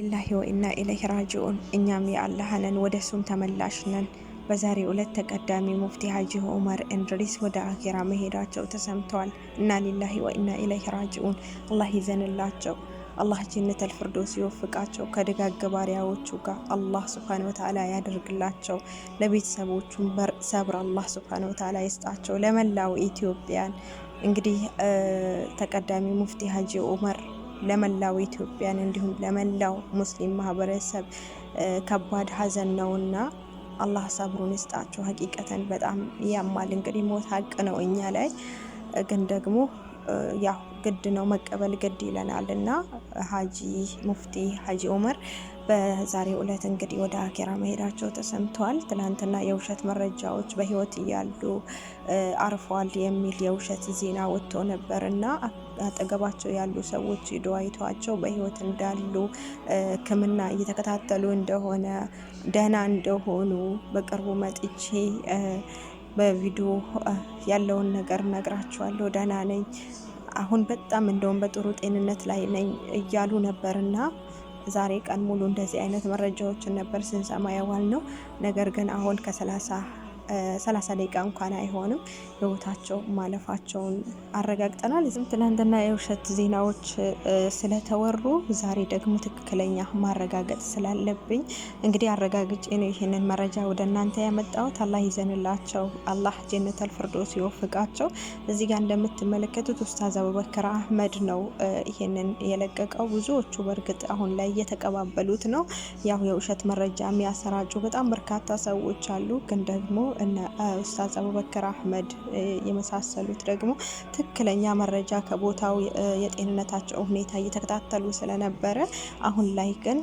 ኢላሂ ወኢና ኢለይሂ ራጂኡን እኛም የአላህነን ነን ወደ እሱም ተመላሽ ነን። በዛሬው ዕለት ተቀዳሚ ሙፍቲ ሀጂ ኡመር እንድሪስ ወደ አኼራ መሄዳቸው ተሰምተዋል። እና ሊላሂ ወኢና ኢለይሂ ራጂኡን። አላህ ይዘንላቸው፣ አላህ ጀነተል ፊርደውስ ይወፍቃቸው፣ ከደጋግ ባሪያዎቹ ጋር አላህ ሱብሓነሁ ወተዓላ ያደርግላቸው። ለቤተሰቦቹም ሰብር አላህ ሱብሓነሁ ወተዓላ ይስጣቸው። ለመላው ኢትዮጵያን እንግዲህ ተቀዳሚ ሙፍቲ ሀጂ ኡመር ለመላው ኢትዮጵያን እንዲሁም ለመላው ሙስሊም ማህበረሰብ ከባድ ሀዘን ነውና አላህ ሰብሩን ይስጣቸው። ሀቂቀተን በጣም ያማል። እንግዲህ ሞት ሀቅ ነው እኛ ላይ ግን ደግሞ ያው ግድ ነው መቀበል ግድ ይለናል እና ሀጂ ሙፍቲ ሀጂ ኡመር በዛሬው ዕለት እንግዲህ ወደ አኬራ መሄዳቸው ተሰምተዋል። ትናንትና የውሸት መረጃዎች በህይወት እያሉ አርፏል የሚል የውሸት ዜና ወጥቶ ነበር እና አጠገባቸው ያሉ ሰዎች ሂዶ አይተዋቸው በህይወት እንዳሉ ሕክምና እየተከታተሉ እንደሆነ ደህና እንደሆኑ በቅርቡ መጥቼ በቪዲዮ ያለውን ነገር ነግራቸዋለሁ። ደህና ነኝ አሁን በጣም እንደውም በጥሩ ጤንነት ላይ ነኝ እያሉ ነበርና ዛሬ ቀን ሙሉ እንደዚህ አይነት መረጃዎችን ነበር ስንሰማ የዋል ነው። ነገር ግን አሁን ከሰላሳ ሰላሳ ደቂቃ እንኳን አይሆንም ህይወታቸው ማለፋቸውን አረጋግጠናል። ዝም ትናንትና የውሸት ዜናዎች ስለተወሩ ዛሬ ደግሞ ትክክለኛ ማረጋገጥ ስላለብኝ እንግዲህ አረጋግጬ ነው ይህንን መረጃ ወደ እናንተ ያመጣሁት። አላህ ይዘንላቸው፣ አላህ ጀነተል ፊርደውስ ይወፍቃቸው። እዚህ ጋር እንደምትመለከቱት ኡስታዝ አቡበከር አህመድ ነው ይህንን የለቀቀው። ብዙዎቹ በእርግጥ አሁን ላይ እየተቀባበሉት ነው። ያው የውሸት መረጃ የሚያሰራጩ በጣም በርካታ ሰዎች አሉ ግን ደግሞ እነ ኡስታዝ አቡበከር አህመድ የመሳሰሉት ደግሞ ትክክለኛ መረጃ ከቦታው የጤንነታቸው ሁኔታ እየተከታተሉ ስለነበረ አሁን ላይ ግን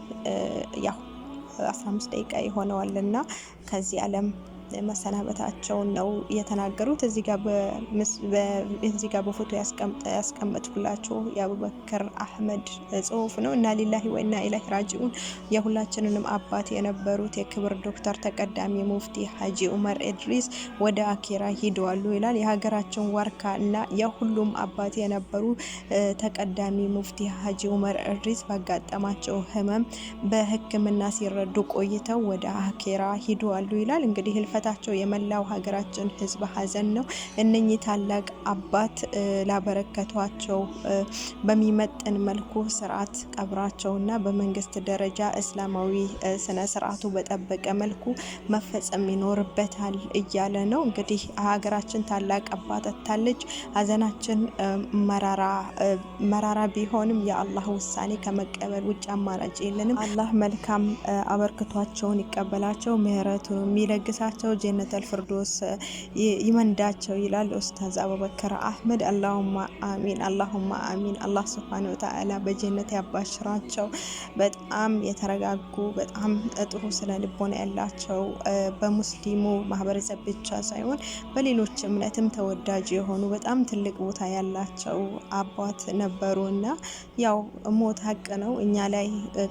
ያው 15 ደቂቃ እና ከዚህ ዓለም መሰናበታቸውን ነው የተናገሩት። እዚህ ጋር በፎቶ ያስቀመጥኩላችሁ የአቡበክር አህመድ ጽሁፍ ነው እና ሊላሂ ወይና ኢለይሂ ራጂኡን የሁላችንንም አባት የነበሩት የክብር ዶክተር ተቀዳሚ ሙፍቲ ሀጂ ኡመር ኢድሪስ ወደ አኪራ ሂደዋሉ ይላል። የሀገራችን ዋርካ እና የሁሉም አባት የነበሩ ተቀዳሚ ሙፍቲ ሀጂ ኡመር ኢድሪስ ባጋጠማቸው ህመም በህክምና ሲረዱ ቆይተው ወደ አኪራ ሂደዋሉ ይላል። እንግዲህ መጥፋታቸው የመላው ሀገራችን ህዝብ ሀዘን ነው። እነኚህ ታላቅ አባት ላበረከቷቸው በሚመጥን መልኩ ስርዓት ቀብራቸውና በመንግስት ደረጃ እስላማዊ ስነ ስርዓቱ በጠበቀ መልኩ መፈጸም ይኖርበታል እያለ ነው። እንግዲህ ሀገራችን ታላቅ አባት አጥታለች። ሀዘናችን መራራ ቢሆንም የአላህ ውሳኔ ከመቀበል ውጭ አማራጭ የለንም። አላህ መልካም አበርክቷቸውን ይቀበላቸው፣ ምህረቱ የሚለግሳቸው ናቸው። ጀነተል ፍርዶስ ይመንዳቸው ይላል ኡስታዝ አቡበከር አህመድ። አላሁማ አሚን፣ አላሁማ አሚን። አላህ ስብሃነ ወተዓላ በጀነት ያባሽራቸው። በጣም የተረጋጉ በጣም ጥሩ ስነ ልቦና ያላቸው በሙስሊሙ ማህበረሰብ ብቻ ሳይሆን በሌሎች እምነትም ተወዳጅ የሆኑ በጣም ትልቅ ቦታ ያላቸው አባት ነበሩ እና ያው ሞት ሀቅ ነው። እኛ ላይ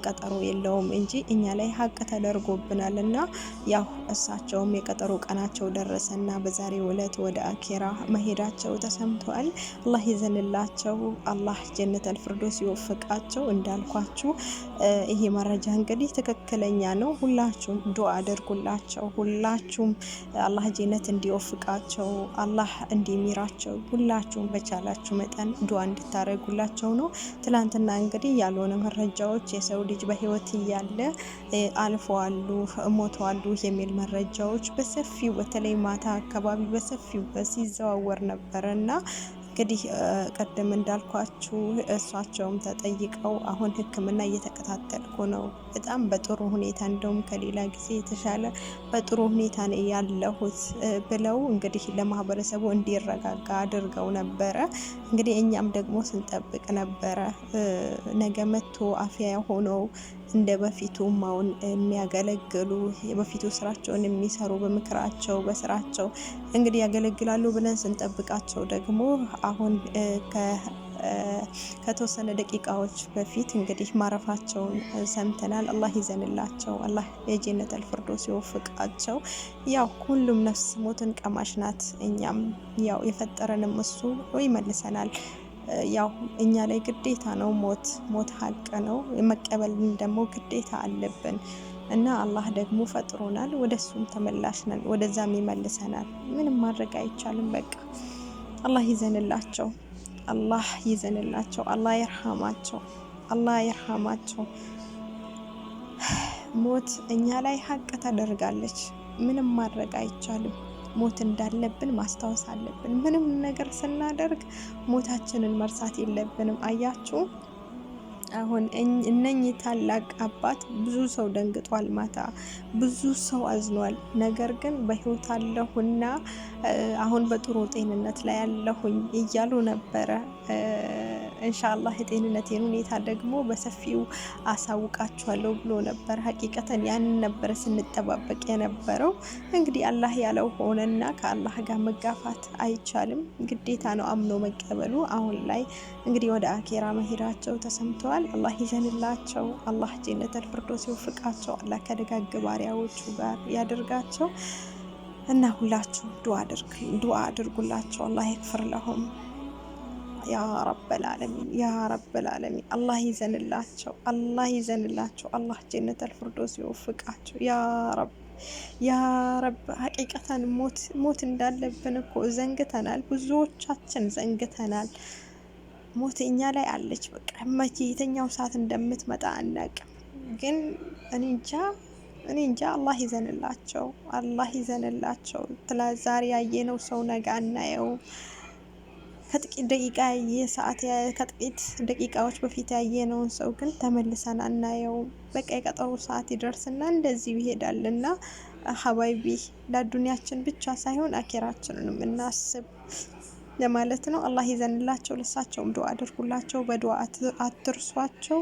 ቀጠሮ የለውም እንጂ እኛ ላይ ሀቅ ተደርጎብናል እና ያው እሳቸውም የቀጠሮ ቀናቸው ደረሰና በዛሬው ዕለት ወደ አኬራ መሄዳቸው ተሰምተዋል። አላህ ይዘንላቸው፣ አላህ ጀነተል ፊርደውስ ይወፍቃቸው። እንዳልኳችሁ ይሄ መረጃ እንግዲህ ትክክለኛ ነው። ሁላችሁም ዱዓ አድርጉላቸው። ሁላችሁም አላህ ጀነት እንዲወፍቃቸው፣ አላህ እንዲሚራቸው፣ ሁላችሁም በቻላችሁ መጠን ዱዓ እንድታደርጉላቸው ነው። ትላንትና እንግዲህ ያልሆነ መረጃዎች የሰው ልጅ በህይወት እያለ አልፈዋሉ ሞተዋሉ የሚል መረጃዎች በሰፊው በተለይ ማታ አካባቢ በሰፊው ሲዘዋወር ነበረ እና እንግዲህ ቅድም እንዳልኳችሁ እሷቸውም ተጠይቀው አሁን ሕክምና እየተከታተልኩ ነው። በጣም በጥሩ ሁኔታ እንደውም ከሌላ ጊዜ የተሻለ በጥሩ ሁኔታ ነው ያለሁት ብለው እንግዲህ ለማህበረሰቡ እንዲረጋጋ አድርገው ነበረ። እንግዲህ እኛም ደግሞ ስንጠብቅ ነበረ ነገ መጥቶ አፍያ ሆኖ እንደ በፊቱ ማውን የሚያገለግሉ የበፊቱ ስራቸውን የሚሰሩ በምክራቸው በስራቸው እንግዲህ ያገለግላሉ ብለን ስንጠብቃቸው ደግሞ አሁን ከተወሰነ ደቂቃዎች በፊት እንግዲህ ማረፋቸውን ሰምተናል። አላህ ይዘንላቸው፣ አላህ የጀነት አልፍርዶስ ይወፍቃቸው። ያው ሁሉም ነፍስ ሞትን ቀማሽ ናት። እኛም ያው የፈጠረንም እሱ ይመልሰናል። ያው እኛ ላይ ግዴታ ነው ሞት ሞት ሀቅ ነው። የመቀበልን ደግሞ ግዴታ አለብን እና አላህ ደግሞ ፈጥሮናል። ወደ እሱም ተመላሽ ነን፣ ወደዛም ይመልሰናል። ምንም ማድረግ አይቻልም። በቃ አላህ ይዘንላቸው፣ አላህ ይዘንላቸው፣ አላህ ይርሃማቸው፣ አላህ ይርሃማቸው። ሞት እኛ ላይ ሀቅ ታደርጋለች። ምንም ማድረግ አይቻልም። ሞት እንዳለብን ማስታወስ አለብን። ምንም ነገር ስናደርግ ሞታችንን መርሳት የለብንም። አያችሁ አሁን እነኚህ ታላቅ አባት ብዙ ሰው ደንግጧል፣ ማታ ብዙ ሰው አዝኗል። ነገር ግን በህይወት አለሁና አሁን በጥሩ ጤንነት ላይ አለሁኝ እያሉ ነበረ እንሻላህ የጤንነቴን ሁኔታ ደግሞ በሰፊው አሳውቃችኋለሁ ብሎ ነበር። ሀቂቀተን ያንን ነበረ ስንጠባበቅ የነበረው። እንግዲህ አላህ ያለው ሆነና ከአላህ ጋር መጋፋት አይቻልም። ግዴታ ነው አምኖ መቀበሉ። አሁን ላይ እንግዲህ ወደ አኬራ መሄዳቸው ተሰምተዋል። አላህ ይዘንላቸው፣ አላህ ጀነተል ፊርደውስ ይወፍቃቸው፣ አላህ ከደጋግ ባሪያዎቹ ጋር ያደርጋቸው እና ሁላችሁ ዱዓ አድርጉላቸው። አላህ ይክፍር ለሁም ያ ረበልዓለሚን ያ ረበልዓለሚን አላህ ይዘንላቸው፣ አላህ ይዘንላቸው፣ አላህ ጀነተል ፊርደውስ ይወፍቃቸው። ያ ረብ ያ ረብ። ሀቂቀተን ሞት ሞት እንዳለብን እኮ ዘንግተናል፣ ብዙዎቻችን ዘንግተናል። ሞት እኛ ላይ አለች። በቃ መቼ የተኛው ሰዓት እንደምትመጣ አናቅም። ግን እኔ እንጃ እኔ እንጃ። አላህ ይዘንላቸው፣ አላህ ይዘንላቸው። ትላ ዛሬ ያየነው ሰው ነገ አናየውም ከጥቂት ደቂቃ የሰዓት ከጥቂት ደቂቃዎች በፊት ያየነውን ሰው ግን ተመልሰን አናየውም። በቃ የቀጠሮ ሰዓት ይደርስና እንደዚህ ይሄዳል እና ሀባይቢ ለዱንያችን ብቻ ሳይሆን አኬራችንንም እናስብ ለማለት ነው። አላህ ይዘንላቸው። ለሳቸውም ዱዓ አድርጉላቸው፣ በዱዓ አትርሷቸው።